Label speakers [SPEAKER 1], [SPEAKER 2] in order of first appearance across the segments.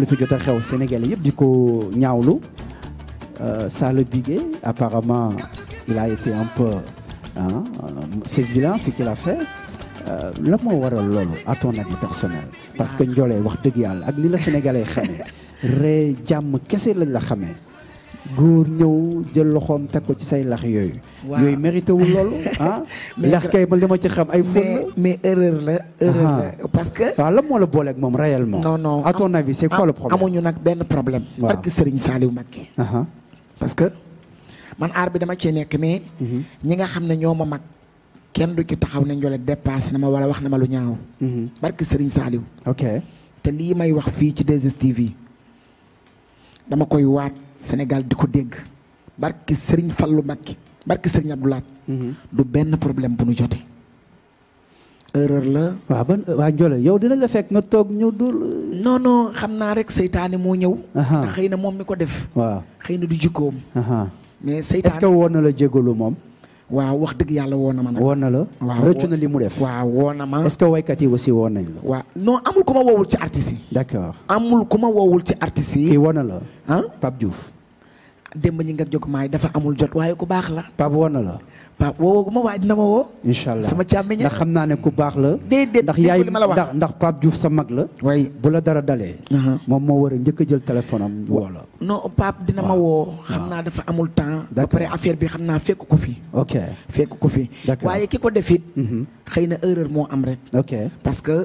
[SPEAKER 1] li fi jot a xew Sénégalais yëpp di ko ñaawlu euh, Sale Bigué apparemment il a été un peu ah qu'il a fait euh, la moo waral loolu à ton personnel parce que Ndiolé wax dëgg yàlla ak ni la sénégalais xamee ree jàmm kese lañ la xamee. góor ñëw jël loxoom teg ko ci say lax yooyu. yooyu mérité wul loolu ah. lax kay man li ma ci xam ay. fóot la mais erreur la. erreur la ah. parce que. waaw ah, lan booleek moom réellement. non non à ton avis c'est quoi le problème. amuñu nag benn problème. waaw parce que Serigne Saliou Mbacké. parce que man aar bi dama cee nekk mais. Mhm. ñi nga xam ne ñoo ma mag. kenn du ci taxaw ne Ndiolé dépassé na ma wala wax na ma lu ñaaw. Mhm. barke sëriñ Saliou. te lii may wax fii ci 2STV. dama koy waat Sénégal di ko dégg barki Serigne Fallou Mbacké barki Serigne Abdou Lahat mhm. du benn problème bu nu jotee. erreur la. waaw ban waa yow dina la fekk nga toog ñëw dul. non xam naa rek seytaane moo ñëw. ndax xëy na moom mi ko def. waa xëy na du jikkoom. mais seytaane est-ce que woon na la jégalu moom. waaw wax dëgg yàlla woo na ma nag. woo na la waaw rëccu na li mu def. waaw woo na ma. est-ce que waykat yi aussi woo nañ la. waaw non amul ku ma woowul ci artistes yi. d'accord amul ku ma woowul ci artistes yi. kii woo na la. ah Pape Diouf. démb ñi nga jóg maay dafa amul jot waaye ku baax la. Pape woo na la. Pape woo ma waaye dina ma woo. incha allah sama càmmiñ ndax xam naa ne ku baax la. déedéet ndax yaay ndax ndax Pape Diouf sa mag la. waaye bu la dara dalee. Uh-huh. moom moo war a njëkk a jël téléphone am woo la. non Pape dina ma woo. xam naa dafa amul temps. ba pare affaire bi xam naa fekk ko fi. ok ko fi. waaye ki ko def it. Mm-hmm. xëy na erreur moo am rek. ok parce que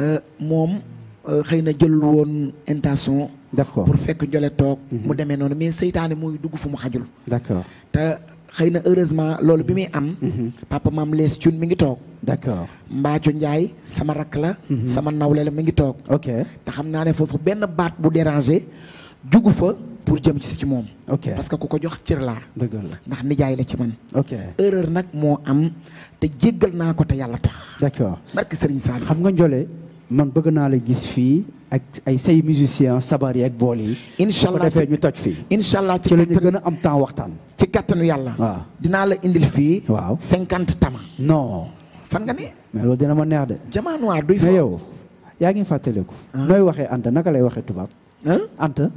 [SPEAKER 1] euh, moom euh, xëy na jël woon intention. def ko pour fekk jole toog mu mhm. demee noonu mais seytaane mooy dugg fu mu xajul d'accord xëy na heureusement loolu bi muy am mhm. papa maam lees cun mi ngi toog d'accord mbaaco njaay sama rakk la mhm. sama nawle la mi ngi toog ok te xam naa ne foofu benn baat bu dérangé jugu fa pour jëm ci ci moom ok parce que ku ko jox cër laa dëgg la ndax nijaay la ci man ok nag moo am te jéggal naa ko te yàlla tax d'accord barki sëriñ Sall xam nga njole man bëgg naa la gis fii ak ay say musiciens sabar yi ak bool yi. incha allah defee ñu toj fii. incha allah ci la ñu gën a am temps waxtaan. ci kàttanu yàlla. waaw dinaa la indil fii. waaw cinquante tama. non. fan nga ne. mais loolu dina ma neex de. jamaano duy fa mais yow. yaa ngi fàttaliku. Ah. nooy waxee Anta naka lay waxee tubaab. Anta.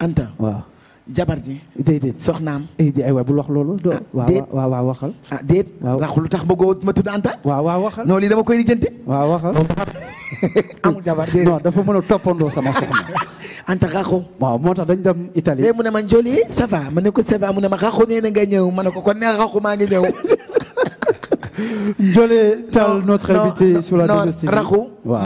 [SPEAKER 1] Anta waaw. jabar ji. déedéet soxnaam. Eh, ay waay bul wax loolu. doo ah, waaw waxal. ah waaw rax tax bëggoo ma tudd Anta. waaw waxal. non lii dama koy lijjanti. waaw waxal. amul jabar non dafa mën a toppandoo sama soxna. Anta Gakho. waaw moo tax dañ dem Italie. léegi mu ne ma Jolie ça va ma ne ko ça va mu ne ma Gakho nee na nga ma ne ko kon nee Gakho maa ngi ñëw. Ndiolé Tall notre invité sur la 2STV. non